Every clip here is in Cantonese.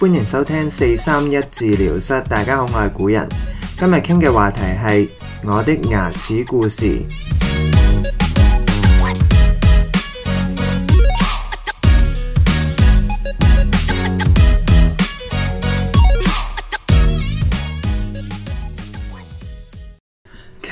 歡迎收聽四三一治療室，大家好，我係古人，今日傾嘅話題係我的牙齒故事。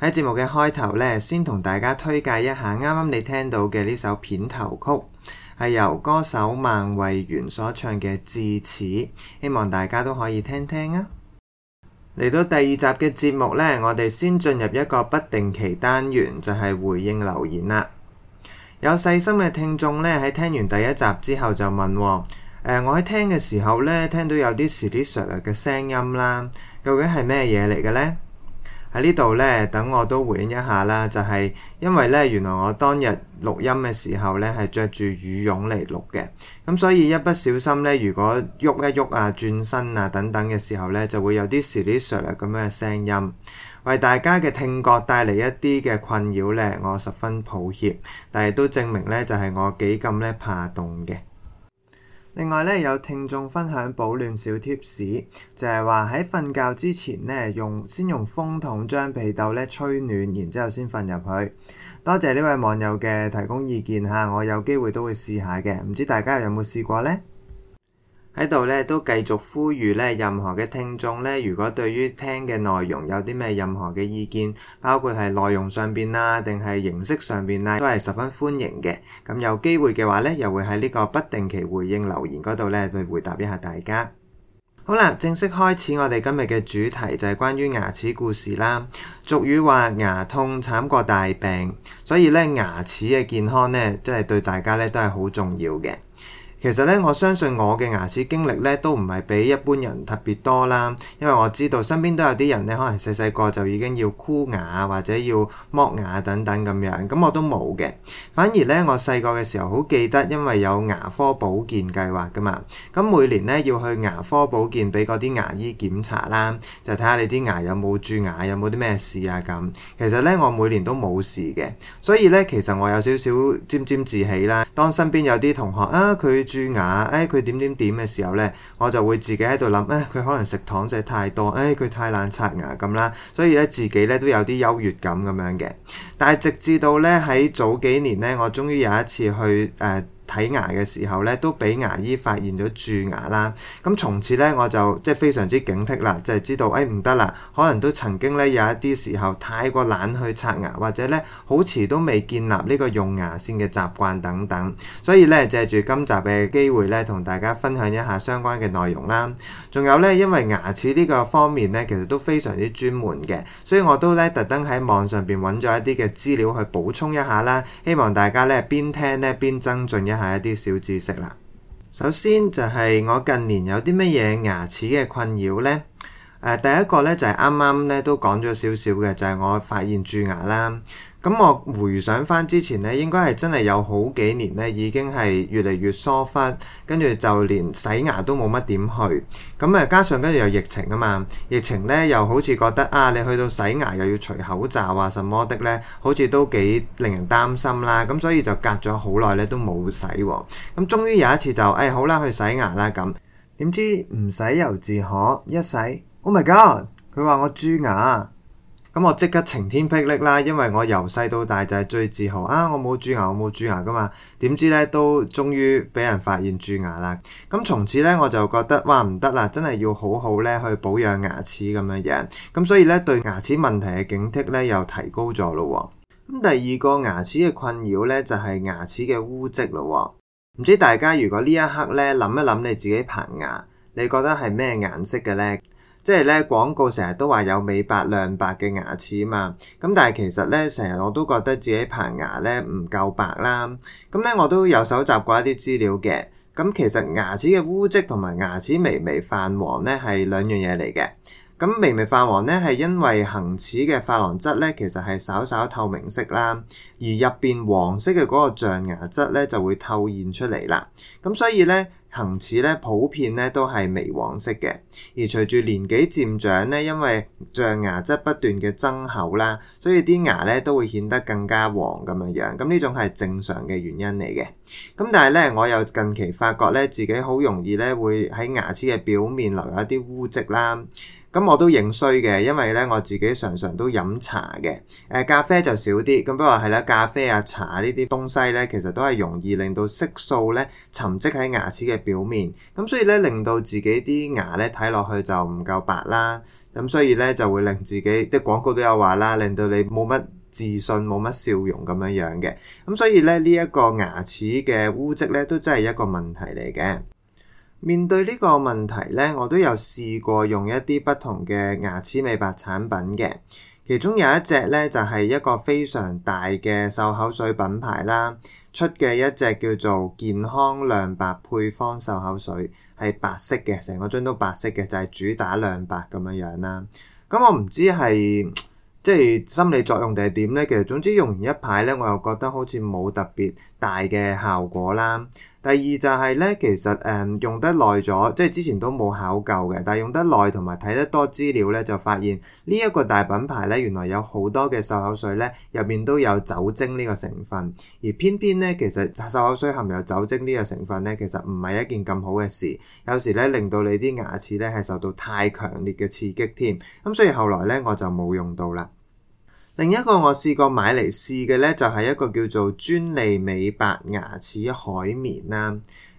喺節目嘅開頭呢，先同大家推介一下啱啱你聽到嘅呢首片頭曲，係由歌手孟慧圓所唱嘅《至此》，希望大家都可以聽聽啊！嚟到第二集嘅節目呢，我哋先進入一個不定期單元，就係、是、回應留言啦。有細心嘅聽眾呢，喺聽完第一集之後就問：誒、呃，我喺聽嘅時候呢，聽到有啲嘶啲嘅聲音啦，究竟係咩嘢嚟嘅呢？」喺呢度呢，等我都回應一下啦，就係、是、因為呢，原來我當日錄音嘅時候呢，係着住羽絨嚟錄嘅，咁所以一不小心呢，如果喐一喐啊、轉身啊等等嘅時候呢，就會有啲時啲咁樣嘅聲音，為大家嘅聽覺帶嚟一啲嘅困擾呢，我十分抱歉，但係都證明呢，就係、是、我幾咁呢怕凍嘅。另外咧，有聽眾分享保暖小貼士，就係話喺瞓覺之前咧，用先用風筒將被竇咧吹暖，然之後先瞓入去。多謝呢位網友嘅提供意見嚇，我有機會都會試下嘅，唔知大家有冇試過咧？喺度咧都繼續呼籲咧，任何嘅聽眾咧，如果對於聽嘅內容有啲咩任何嘅意見，包括係內容上邊啦，定係形式上邊啦，都係十分歡迎嘅。咁有機會嘅話咧，又會喺呢個不定期回應留言嗰度咧去回答一下大家。好啦，正式開始我哋今日嘅主題就係關於牙齒故事啦。俗語話牙痛慘過大病，所以咧牙齒嘅健康咧，真係對大家咧都係好重要嘅。其實咧，我相信我嘅牙齒經歷咧都唔係比一般人特別多啦，因為我知道身邊都有啲人咧，可能細細個就已經要箍牙或者要剝牙等等咁樣，咁我都冇嘅。反而咧，我細個嘅時候好記得，因為有牙科保健計劃噶嘛，咁每年咧要去牙科保健俾嗰啲牙醫檢查啦，就睇下你啲牙有冇蛀牙，有冇啲咩事啊咁。其實咧，我每年都冇事嘅，所以咧，其實我有少少沾沾自喜啦。當身邊有啲同學啊，佢蛀牙，誒佢、哎、點點點嘅時候呢，我就會自己喺度諗，誒、哎、佢可能食糖仔太多，誒、哎、佢太懶刷牙咁啦，所以咧自己咧都有啲優越感咁樣嘅。但係直至到呢，喺早幾年呢，我終於有一次去誒，呃睇牙嘅時候咧，都俾牙醫發現咗蛀牙啦。咁從此咧，我就即係、就是、非常之警惕啦，就係、是、知道誒唔得啦。可能都曾經咧有一啲時候太過懶去刷牙，或者咧好遲都未建立呢個用牙線嘅習慣等等。所以咧，借住今集嘅機會咧，同大家分享一下相關嘅內容啦。仲有咧，因為牙齒呢個方面咧，其實都非常之專門嘅，所以我都咧特登喺網上邊揾咗一啲嘅資料去補充一下啦。希望大家咧邊聽咧邊增進一。係一啲小知識啦。首先就係我近年有啲乜嘢牙齒嘅困擾呢、呃？第一個呢就係啱啱呢都講咗少少嘅，就係、係、我發現蛀牙啦。咁我回想翻之前呢，應該係真係有好幾年呢已經係越嚟越疏忽，跟住就連洗牙都冇乜點去。咁啊，加上跟住有疫情啊嘛，疫情呢又好似覺得啊，你去到洗牙又要除口罩啊，什麼的呢，好似都幾令人擔心啦。咁所以就隔咗好耐呢都冇洗喎。咁終於有一次就，哎好啦，去洗牙啦咁。點知唔洗由自可一洗，Oh my god，佢話我蛀牙。咁我即刻晴天霹靂啦，因為我由細到大就係最自豪啊，我冇蛀牙，我冇蛀牙噶嘛，點知呢都終於俾人發現蛀牙啦。咁從此呢，我就覺得哇唔得啦，真係要好好呢去保養牙齒咁樣樣。咁所以呢，對牙齒問題嘅警惕呢又提高咗咯。咁第二個牙齒嘅困擾呢，就係牙齒嘅污漬咯。唔知大家如果呢一刻呢諗一諗你自己棚牙，你覺得係咩顏色嘅呢？即係咧，廣告成日都話有美白亮白嘅牙齒啊嘛，咁但係其實咧，成日我都覺得自己排牙咧唔夠白啦。咁咧，我都有搜集過一啲資料嘅。咁其實牙齒嘅污漬同埋牙齒微微泛黃咧，係兩樣嘢嚟嘅。咁微微泛黃咧，係因為恆齒嘅琺瑯質咧，其實係稍稍透明色啦，而入邊黃色嘅嗰個象牙質咧，就會透現出嚟啦。咁所以咧。恆齒咧，普遍咧，都係微黃色嘅，而隨住年紀漸長咧，因為象牙質不斷嘅增厚啦，所以啲牙咧都會顯得更加黃咁樣樣。咁呢種係正常嘅原因嚟嘅。咁但係咧，我又近期發覺咧自己好容易咧會喺牙齒嘅表面留有一啲污漬啦。咁我都認衰嘅，因為咧我自己常常都飲茶嘅，誒、呃、咖啡就少啲。咁不過係啦，咖啡啊茶呢啲東西咧，其實都係容易令到色素咧沉積喺牙齒嘅表面。咁所以咧，令到自己啲牙咧睇落去就唔夠白啦。咁所以咧就會令自己即係廣告都有話啦，令到你冇乜自信、冇乜笑容咁樣樣嘅。咁所以咧呢一、這個牙齒嘅污跡咧，都真係一個問題嚟嘅。面對呢個問題呢，我都有試過用一啲不同嘅牙齒美白產品嘅，其中有一隻呢，就係、是、一個非常大嘅漱口水品牌啦，出嘅一隻叫做健康亮白配方漱口水，係白色嘅，成個樽都白色嘅，就係、是、主打亮白咁樣樣啦。咁我唔知係即係心理作用定係點呢？其實總之用完一排呢，我又覺得好似冇特別大嘅效果啦。第二就係咧，其實誒、嗯、用得耐咗，即係之前都冇考究嘅，但係用得耐同埋睇得多資料咧，就發現呢一個大品牌咧，原來有好多嘅漱口水咧入面都有酒精呢個成分，而偏偏咧其實漱口水含有酒精呢個成分咧，其實唔係一件咁好嘅事，有時咧令到你啲牙齒咧係受到太強烈嘅刺激添。咁所以後來咧我就冇用到啦。另一個我試過買嚟試嘅呢，就係、是、一個叫做專利美白牙齒海綿啦。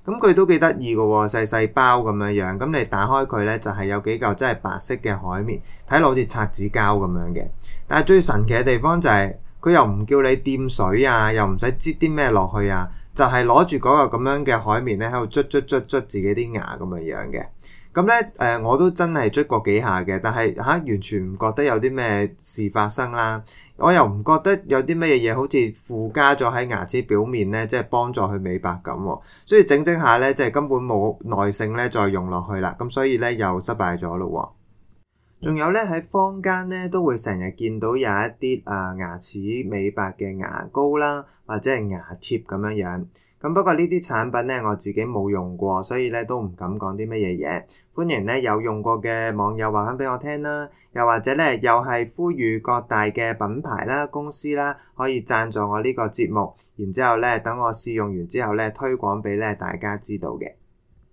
咁、嗯、佢都幾得意噶，細細包咁樣樣。咁、嗯、你打開佢呢，就係、是、有幾嚿真係白色嘅海綿，睇落好似擦紙膠咁樣嘅。但係最神奇嘅地方就係、是，佢又唔叫你掂水啊，又唔使擠啲咩落去啊，就係攞住嗰嚿咁樣嘅海綿呢，喺度捽捽捽捽自己啲牙咁樣樣嘅。咁咧，誒、呃，我都真係追過幾下嘅，但係嚇完全唔覺得有啲咩事發生啦。我又唔覺得有啲乜嘢嘢好似附加咗喺牙齒表面咧，即係幫助佢美白咁。所以整整下咧，即係根本冇耐性咧，再用落去啦。咁所以咧又失敗咗咯。仲有咧，喺坊間咧，都會成日見到有一啲啊牙齒美白嘅牙膏啦，或者係牙貼咁樣樣。咁不過呢啲產品咧，我自己冇用過，所以咧都唔敢講啲乜嘢嘢。歡迎咧有用過嘅網友話翻俾我聽啦，又或者咧又係呼籲各大嘅品牌啦、公司啦，可以贊助我呢個節目，然之後咧等我試用完之後咧推廣俾咧大家知道嘅。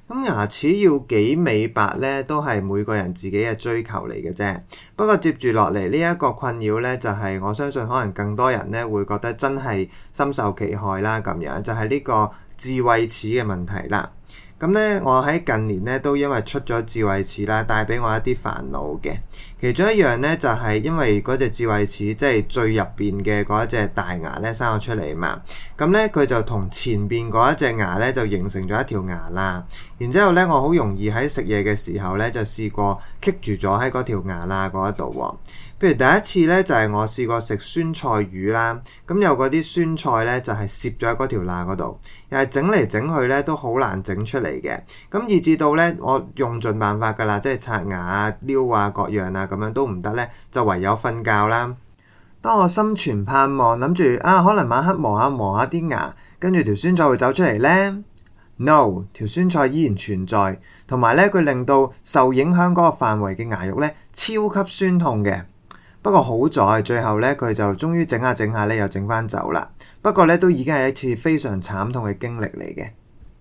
咁牙齒要幾美白呢？都係每個人自己嘅追求嚟嘅啫。不過接住落嚟呢一個困擾呢，就係我相信可能更多人呢會覺得真係深受其害啦。咁樣就係呢個智慧齒嘅問題啦。咁呢，我喺近年呢都因為出咗智慧齒啦，帶俾我一啲煩惱嘅。其中一樣呢，就係、是、因為嗰隻智慧齒即係最入邊嘅嗰一隻大牙咧生咗出嚟啊嘛，咁、嗯、呢，佢就同前邊嗰一隻牙呢，就形成咗一條牙罅。然之後呢，我好容易喺食嘢嘅時候呢，就試過棘住咗喺嗰條牙罅嗰度喎。譬如第一次呢，就係、是、我試過食酸菜魚啦，咁、嗯、有嗰啲酸菜呢，就係攝咗喺嗰條罅嗰度，又係整嚟整去呢，都好難整出嚟嘅。咁、嗯、以至到呢，我用盡辦法噶啦，即係刷牙、啊、撩啊各樣啊。咁樣都唔得呢，就唯有瞓覺啦。當我心存盼望，諗住啊，可能晚黑磨下磨下啲牙，跟住條酸菜會走出嚟呢？No，條酸菜依然存在，同埋呢，佢令到受影響嗰個範圍嘅牙肉呢，超級酸痛嘅。不過好在最後呢，佢就終於整下整下呢，又整翻走啦。不過呢，都已經係一次非常慘痛嘅經歷嚟嘅。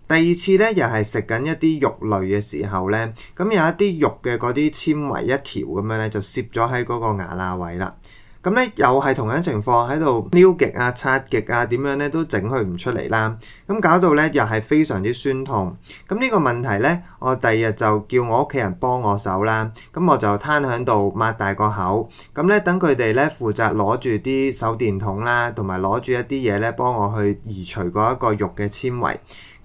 第二次咧，又係食緊一啲肉類嘅時候咧，咁有一啲肉嘅嗰啲纖維一條咁樣咧，就攝咗喺嗰個牙罅位啦。咁咧又係同樣情況喺度撩極啊、擦極啊，點樣咧都整佢唔出嚟啦。咁搞到咧又係非常之酸痛。咁呢個問題咧，我第二日就叫我屋企人幫我手啦。咁我就攤喺度抹大個口，咁咧等佢哋咧負責攞住啲手電筒啦，同埋攞住一啲嘢咧幫我去移除嗰一個肉嘅纖維。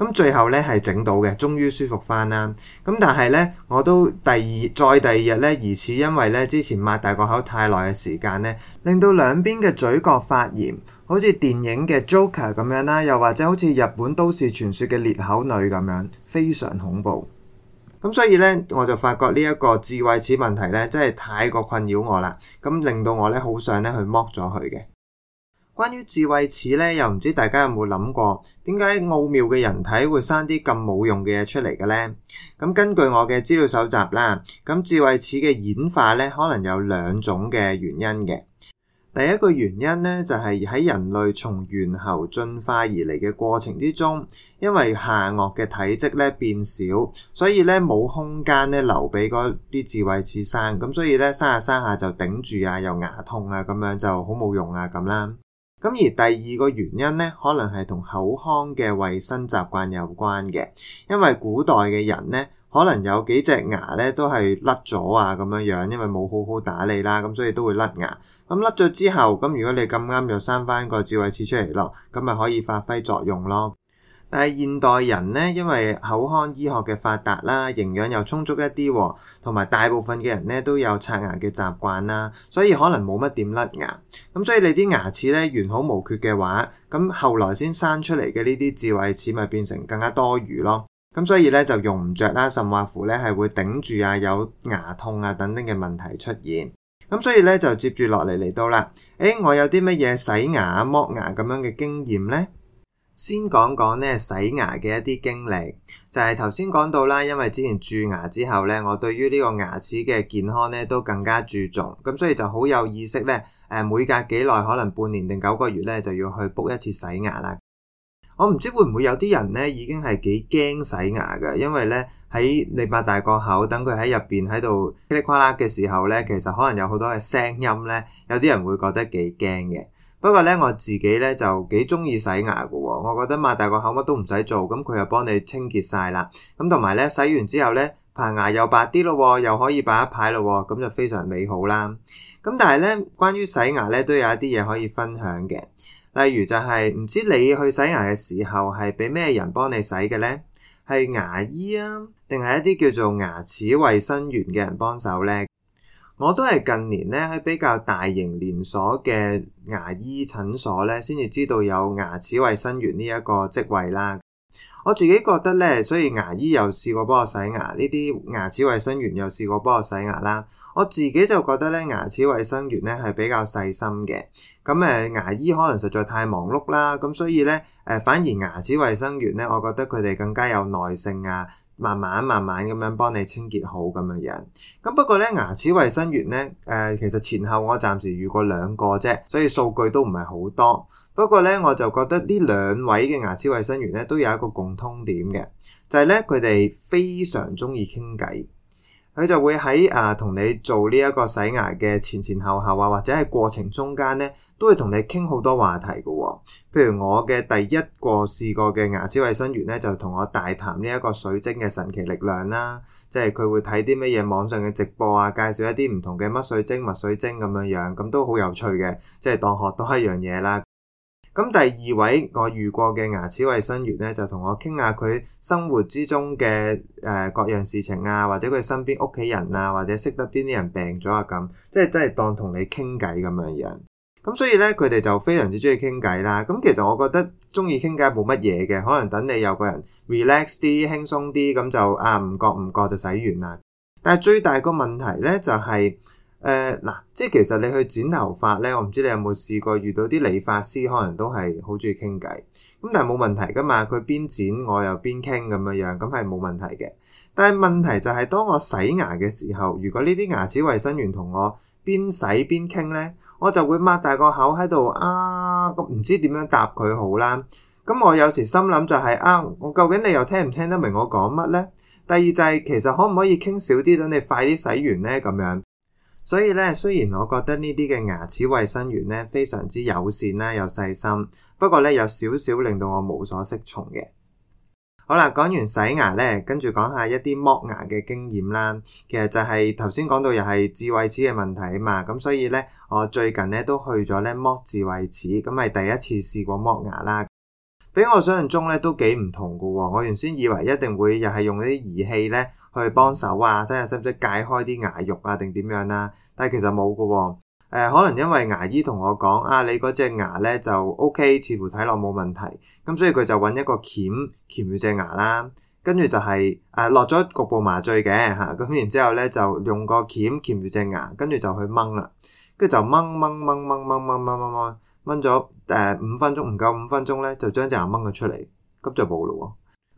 咁最後咧係整到嘅，終於舒服翻啦。咁但係咧，我都第二再第二日咧，疑似因為咧之前擘大個口太耐嘅時間咧，令到兩邊嘅嘴角發炎，好似電影嘅 Joker 咁樣啦，又或者好似日本都市傳說嘅裂口女咁樣，非常恐怖。咁所以咧，我就發覺呢一個智慧齒問題咧，真係太過困擾我啦。咁令到我咧好想咧去剝咗佢嘅。關於智慧齒咧，又唔知大家有冇諗過點解奧妙嘅人體會生啲咁冇用嘅嘢出嚟嘅咧？咁根據我嘅資料搜集啦，咁智慧齒嘅演化咧，可能有兩種嘅原因嘅。第一個原因咧，就係喺人類從猿猴進化而嚟嘅過程之中，因為下顎嘅體積咧變少，所以咧冇空間咧留俾嗰啲智慧齒生，咁所以咧生下生下就頂住啊，又牙痛啊，咁樣就好冇用啊咁啦。咁而第二個原因呢，可能係同口腔嘅衛生習慣有關嘅，因為古代嘅人呢，可能有幾隻牙呢都係甩咗啊咁樣樣，因為冇好好打理啦，咁所以都會甩牙。咁甩咗之後，咁如果你咁啱又生翻個智慧齒出嚟咯，咁咪可以發揮作用咯。但係現代人咧，因為口腔醫學嘅發達啦，營養又充足一啲，同埋大部分嘅人咧都有刷牙嘅習慣啦，所以可能冇乜點甩牙。咁所以你啲牙齒咧完好無缺嘅話，咁後來先生出嚟嘅呢啲智慧齒咪變成更加多餘咯。咁所以咧就用唔着啦，甚至乎咧係會頂住啊，有牙痛啊等等嘅問題出現。咁所以咧就接住落嚟嚟到啦。誒、欸，我有啲乜嘢洗牙、剝牙咁樣嘅經驗咧？先講講咧洗牙嘅一啲經歷，就係頭先講到啦，因為之前蛀牙之後呢，我對於呢個牙齒嘅健康呢都更加注重，咁所以就好有意識呢，誒每隔幾耐可能半年定九個月呢，就要去 book 一次洗牙啦。我唔知會唔會有啲人呢已經係幾驚洗牙嘅，因為呢喺你擘大個口等佢喺入邊喺度噼裏啪啦嘅時候呢，其實可能有好多嘅聲音呢，有啲人會覺得幾驚嘅。不過咧，我自己咧就幾中意洗牙嘅喎、哦。我覺得擘大個口乜都唔使做，咁佢又幫你清潔晒啦。咁同埋咧，洗完之後咧，排牙又白啲咯、哦，又可以擺一排咯、哦，咁就非常美好啦。咁、嗯、但係咧，關於洗牙咧，都有一啲嘢可以分享嘅。例如就係、是、唔知你去洗牙嘅時候係俾咩人幫你洗嘅呢？係牙醫啊，定係一啲叫做牙齒衛生員嘅人幫手呢？我都係近年咧喺比較大型連鎖嘅牙醫診所咧，先至知道有牙齒衛生員呢一個職位啦。我自己覺得咧，所以牙醫又試過幫我洗牙，呢啲牙齒衛生員又試過幫我洗牙啦。我自己就覺得咧，牙齒衛生員咧係比較細心嘅。咁誒，牙醫可能實在太忙碌啦，咁所以咧誒，反而牙齒衛生員咧，我覺得佢哋更加有耐性啊。慢慢慢慢咁樣幫你清潔好咁樣樣，咁不過呢，牙齒衛生員呢，誒、呃、其實前後我暫時遇過兩個啫，所以數據都唔係好多。不過呢，我就覺得呢兩位嘅牙齒衛生員呢，都有一個共通點嘅，就係、是、呢，佢哋非常中意傾偈，佢就會喺誒同你做呢一個洗牙嘅前前後後啊，或者係過程中間呢。都會同你傾好多話題噶、哦，譬如我嘅第一個試過嘅牙齒衛生員呢，就同我大談呢一個水晶嘅神奇力量啦，即係佢會睇啲乜嘢網上嘅直播啊，介紹一啲唔同嘅乜水晶、墨水晶咁樣樣，咁都好有趣嘅，即係當學多一樣嘢啦。咁第二位我遇過嘅牙齒衛生員呢，就同我傾下佢生活之中嘅誒、呃、各樣事情啊，或者佢身邊屋企人啊，或者識得邊啲人病咗啊，咁即係真係當同你傾偈咁樣樣。咁所以咧，佢哋就非常之中意傾偈啦。咁、嗯、其實我覺得中意傾偈冇乜嘢嘅，可能等你有個人 relax 啲、輕鬆啲，咁就啊唔覺唔覺就洗完、就係呃、啦。但係最大個問題咧就係，誒嗱，即係其實你去剪頭髮咧，我唔知你有冇試過遇到啲理髮師，可能都係好中意傾偈。咁但係冇問題噶嘛，佢邊剪我又邊傾咁樣樣，咁係冇問題嘅。但係問題就係、係、當我洗牙嘅時候，如果呢啲牙齒衞生員同我邊洗邊傾咧。我就會擘大個口喺度啊，咁唔知點樣答佢好啦。咁我有時心諗就係、是、啊，我究竟你又聽唔聽得明我講乜呢？第二就係、是、其實可唔可以傾少啲，等你快啲洗完呢？咁樣。所以呢，雖然我覺得呢啲嘅牙齒衞生員呢非常之友善啦，又細心，不過呢，有少少令到我無所適從嘅。好啦，講完洗牙呢，跟住講下一啲剝牙嘅經驗啦。其實就係頭先講到又係智慧齒嘅問題啊嘛，咁所以呢。我最近咧都去咗咧剝智慧齒，咁係第一次試過剝牙啦。畀我想象中咧都幾唔同嘅喎、哦。我原先以為一定會又係用啲儀器咧去幫手啊，甚至使唔使解開啲牙肉啊，定點樣啦、啊？但係其實冇嘅喎。誒，可能因為牙醫同我講啊，你嗰隻牙咧就 OK，似乎睇落冇問題，咁所以佢就揾一個鉗鉗住隻牙啦，跟住就係誒落咗局部麻醉嘅嚇，咁、啊、然之後咧就用個鉗鉗住隻牙，跟住就去掹啦。跟住就掹掹掹掹掹掹掹掹掹咗誒五分鐘，唔夠五分鐘咧，就將隻牙掹咗出嚟，咁就冇啦喎。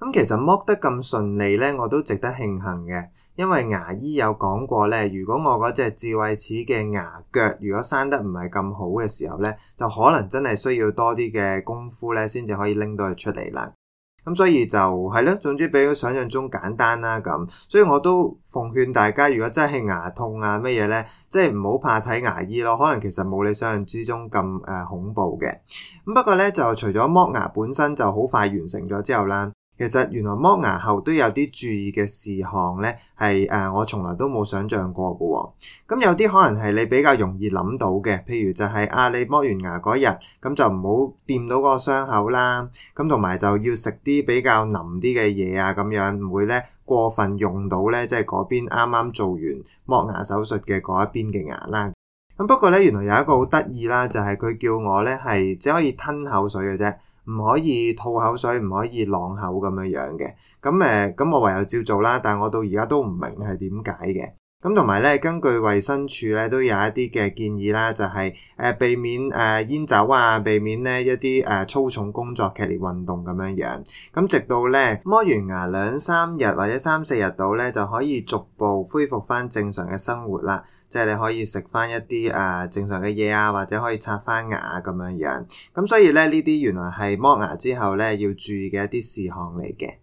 咁其實剝得咁順利咧，我都值得慶幸嘅，因為牙醫有講過咧，如果我嗰隻智慧齒嘅牙腳如果生得唔係咁好嘅時候咧，就可能真係需要多啲嘅功夫咧，先至可以拎到佢出嚟啦。咁所以就係咯，總之比想象中簡單啦咁，所以我都奉勸大家，如果真係牙痛啊咩嘢咧，即係唔好怕睇牙醫咯，可能其實冇你想象之中咁誒、呃、恐怖嘅。咁不過咧，就除咗剝牙本身就好快完成咗之後啦。其實原來剝牙後都有啲注意嘅事項呢，係誒、呃、我從來都冇想像過嘅喎、喔。咁有啲可能係你比較容易諗到嘅，譬如就係、是、啊，你剝完牙嗰日，咁就唔好掂到嗰個傷口啦。咁同埋就要食啲比較腍啲嘅嘢啊，咁樣唔會呢，過分用到呢，即係嗰邊啱啱做完剝牙手術嘅嗰一邊嘅牙啦。咁不過呢，原來有一個好得意啦，就係、是、佢叫我呢係只可以吞口水嘅啫。唔可以吐口水，唔可以漱口咁樣樣嘅。咁誒，咁、呃、我唯有照做啦。但係我到而家都唔明係點解嘅。咁同埋咧，根據衞生署咧都有一啲嘅建議啦，就係、是、誒、呃、避免誒、呃、煙酒啊，避免咧一啲誒粗重工作、劇烈運動咁樣樣。咁直到咧剝完牙兩三日或者三四日到咧，就可以逐步恢復翻正常嘅生活啦。即、就、係、是、你可以食翻一啲誒、呃、正常嘅嘢啊，或者可以刷翻牙咁樣樣。咁所以咧，呢啲原來係剝牙之後咧要注意嘅一啲事項嚟嘅。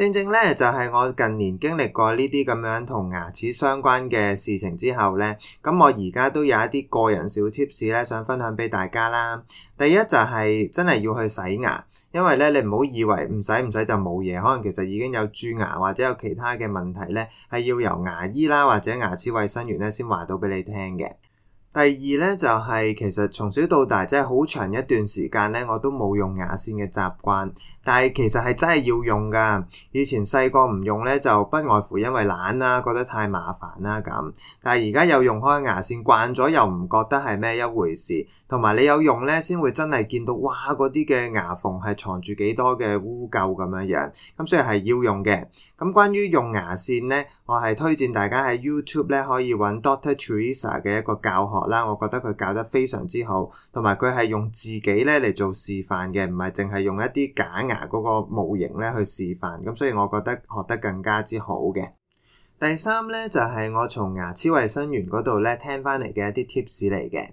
正正咧就係我近年經歷過呢啲咁樣同牙齒相關嘅事情之後呢。咁我而家都有一啲個人小 tips 咧想分享俾大家啦。第一就係真係要去洗牙，因為呢，你唔好以為唔洗唔洗就冇嘢，可能其實已經有蛀牙或者有其他嘅問題呢，係要由牙醫啦或者牙齒衛生員呢先話到俾你聽嘅。第二咧就係其實從小到大即係好長一段時間咧我都冇用牙線嘅習慣，但係其實係真係要用㗎。以前細個唔用咧就不外乎因為懶啦，覺得太麻煩啦咁。但係而家又用開牙線，慣咗又唔覺得係咩一回事。同埋你有用咧，先會真係見到哇嗰啲嘅牙縫係藏住幾多嘅污垢咁樣樣，咁所以係要用嘅。咁關於用牙線咧，我係推薦大家喺 YouTube 咧可以揾 Doctor Teresa 嘅一個教學啦。我覺得佢教得非常之好，同埋佢係用自己咧嚟做示範嘅，唔係淨係用一啲假牙嗰個模型咧去示範。咁所以我覺得學得更加之好嘅。第三咧就係我從牙齒衞生員嗰度咧聽翻嚟嘅一啲 tips 嚟嘅。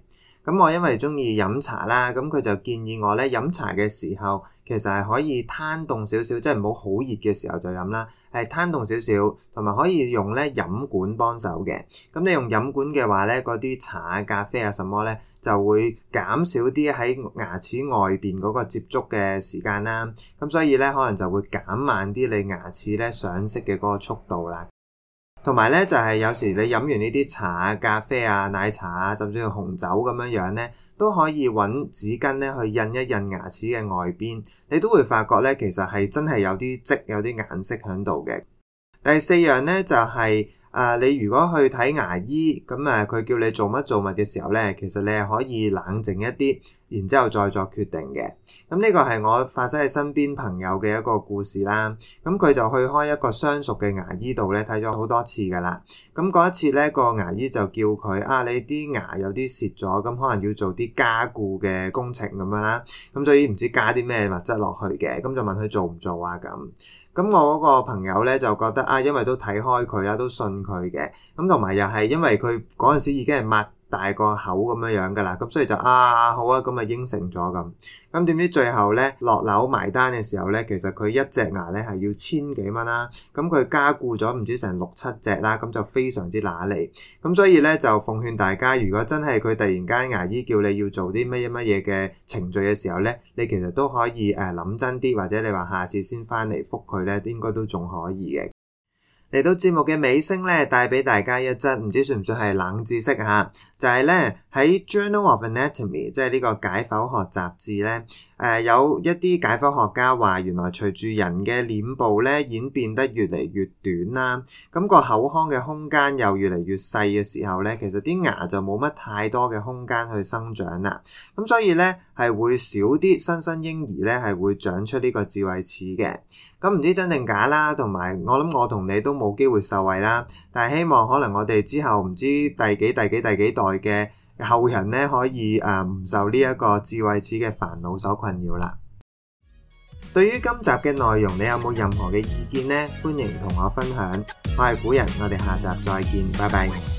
咁我因為中意飲茶啦，咁佢就建議我咧飲茶嘅時候，其實係可以攤凍少少，即係唔好好熱嘅時候就飲啦。係攤凍少少，同埋可以用咧飲管幫手嘅。咁你用飲管嘅話咧，嗰啲茶、咖啡啊什麼咧，就會減少啲喺牙齒外邊嗰個接觸嘅時間啦。咁所以咧，可能就會減慢啲你牙齒咧上色嘅嗰個速度啦。同埋咧，就係、是、有時你飲完呢啲茶啊、咖啡啊、奶茶啊，甚至乎紅酒咁樣樣咧，都可以揾紙巾咧去印一印牙齒嘅外邊，你都會發覺咧，其實係真係有啲漬有啲顏色喺度嘅。第四樣呢，就係、是。啊！你如果去睇牙醫，咁啊，佢叫你做乜做乜嘅時候咧，其實你係可以冷靜一啲，然之後再作決定嘅。咁、嗯、呢、呢個係我發生喺身邊朋友嘅一個故事啦。咁、嗯、佢就去開一個相熟嘅牙醫度咧，睇咗好多次噶啦。咁、嗯、嗰一次咧，個牙醫就叫佢啊，你啲牙有啲蝕咗，咁、嗯、可能要做啲加固嘅工程咁樣啦。咁、嗯、所以唔知加啲咩物質落去嘅，咁、嗯、就問佢做唔做啊咁。嗯。咁我嗰個朋友呢，就覺得啊，因為都睇開佢啦，都信佢嘅，咁同埋又係因為佢嗰陣時已經係抹大個口咁樣樣噶啦，咁所以就啊好啊，咁啊應承咗咁。咁點知最後咧落樓埋單嘅時候咧，其實佢一隻牙咧係要千幾蚊啦。咁佢加固咗唔知成六七隻啦，咁就非常之乸利。咁所以咧就奉勸大家，如果真係佢突然間牙醫叫你要做啲乜嘢乜嘢嘅程序嘅時候咧，你其實都可以誒諗，呃，真啲，或者你話下次先翻嚟覆佢咧，應該都仲可以嘅。嚟到節目嘅尾聲咧，帶俾大家一則唔知算唔算係冷知識嚇。就係咧喺 Journal of Anatomy，即係呢個解剖學雜誌咧，誒、呃、有一啲解剖學家話原來隨住人嘅臉部咧演變得越嚟越短啦，咁個口腔嘅空間又越嚟越細嘅時候咧，其實啲牙就冇乜太多嘅空間去生長啦，咁所以咧係會少啲新生嬰兒咧係會長出呢個智慧齒嘅。咁唔知真定假啦，同埋我諗我同你都冇機會受惠啦，但係希望可能我哋之後唔知第幾第幾第幾代，嘅後人咧，可以誒唔、呃、受呢一個智慧齒嘅煩惱所困擾啦。對於今集嘅內容，你有冇任何嘅意見呢？歡迎同我分享。我係古人，我哋下集再見，拜拜。